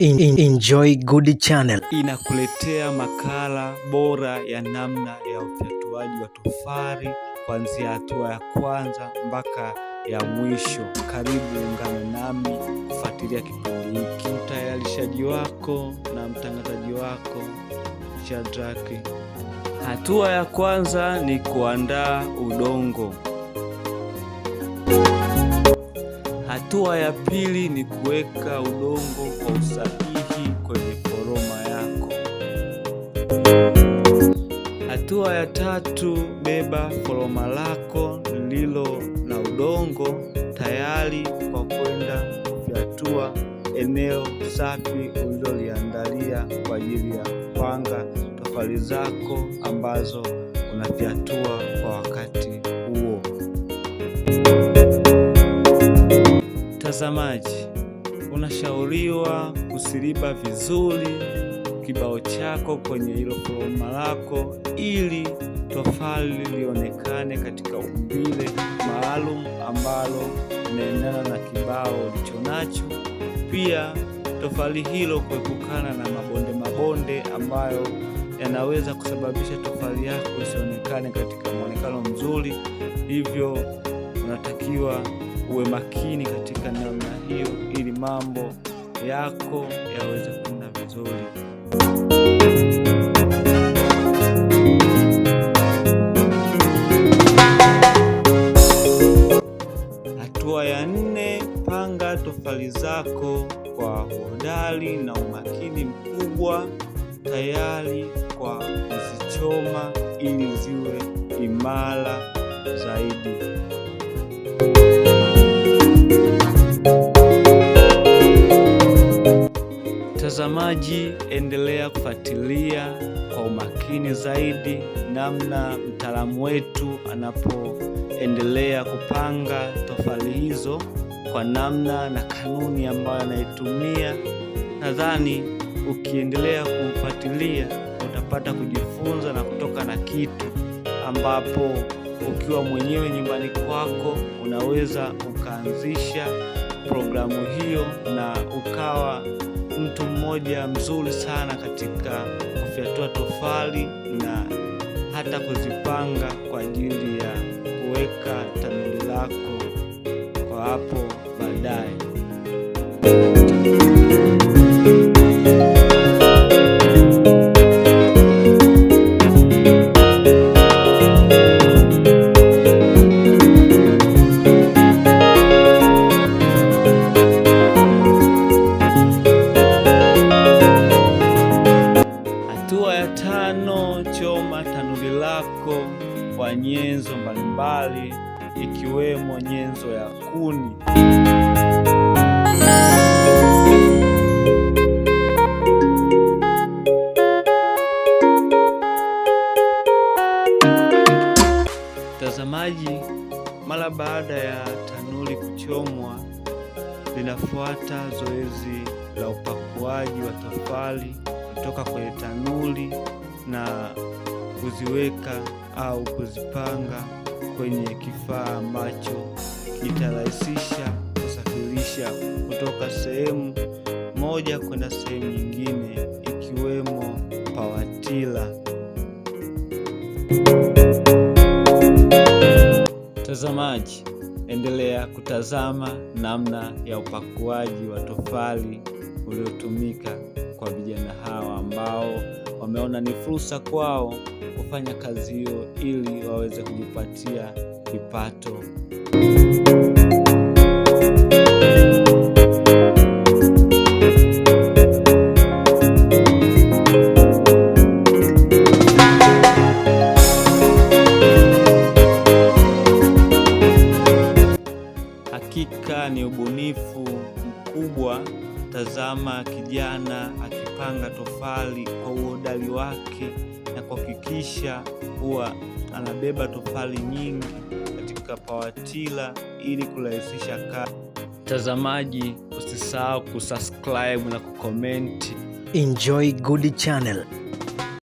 Enjoy Good Channel inakuletea makala bora ya namna ya utatuaji wa tofali kuanzia hatua ya kwanza mpaka ya mwisho. Karibu ungane nami kufuatilia kipindi hiki. Mtayarishaji wako na mtangazaji wako Shadraki. Hatua ya kwanza ni kuandaa udongo. Hatua ya pili ni kuweka udongo kwa usahihi kwenye koroma yako. Hatua ya tatu, beba koroma lako lililo na udongo tayari kwa kwenda kufyatua eneo safi uliloliandalia kwa ajili ya kupanga tofali zako ambazo unafyatua kwa wakati huo. Mtazamaji, unashauriwa kusiliba vizuri kibao chako kwenye hilo koloma lako, ili tofali lionekane katika umbile maalum ambalo linaendana na kibao ulicho nacho. Pia tofali hilo kuepukana na mabonde mabonde ambayo yanaweza kusababisha tofali yako isionekane katika mwonekano mzuri, hivyo unatakiwa uwe makini katika namna hiyo, ili mambo yako yaweze kuenda vizuri. Hatua ya nne, panga tofali zako kwa uhodari na umakini mkubwa, tayari kwa kuzichoma ili ziwe imara zaidi. Mtazamaji, endelea kufuatilia kwa umakini zaidi namna mtaalamu wetu anapoendelea kupanga tofali hizo kwa namna na kanuni ambayo anaitumia. Nadhani ukiendelea kumfuatilia utapata kujifunza na kutoka na kitu ambapo ukiwa mwenyewe nyumbani kwako unaweza ukaanzisha programu hiyo na ukawa mtu mmoja mzuri sana katika kufyatua tofali na hata kuzipanga kwa ajili ya kuweka tanuri lako kwa hapo baadaye. nyenzo mbalimbali ikiwemo nyenzo ya kuni. Mtazamaji, mara baada ya tanuri kuchomwa linafuata zoezi la upakuaji wa tofali kutoka kwenye tanuri na kuziweka au kuzipanga kwenye kifaa ambacho kitarahisisha kusafirisha kutoka sehemu moja kwenda sehemu nyingine ikiwemo pawatila. Mtazamaji, endelea kutazama namna ya upakuaji wa tofali uliotumika kwa vijana hawa ambao wameona ni fursa kwao kufanya kazi hiyo ili waweze kujipatia kipato. kumtazama kijana akipanga tofali kwa uhodari wake na kuhakikisha kuwa anabeba tofali nyingi katika pawatila ili kurahisisha kazi. Mtazamaji, usisahau kusubscribe na kukomenti. Enjoy Good Channel.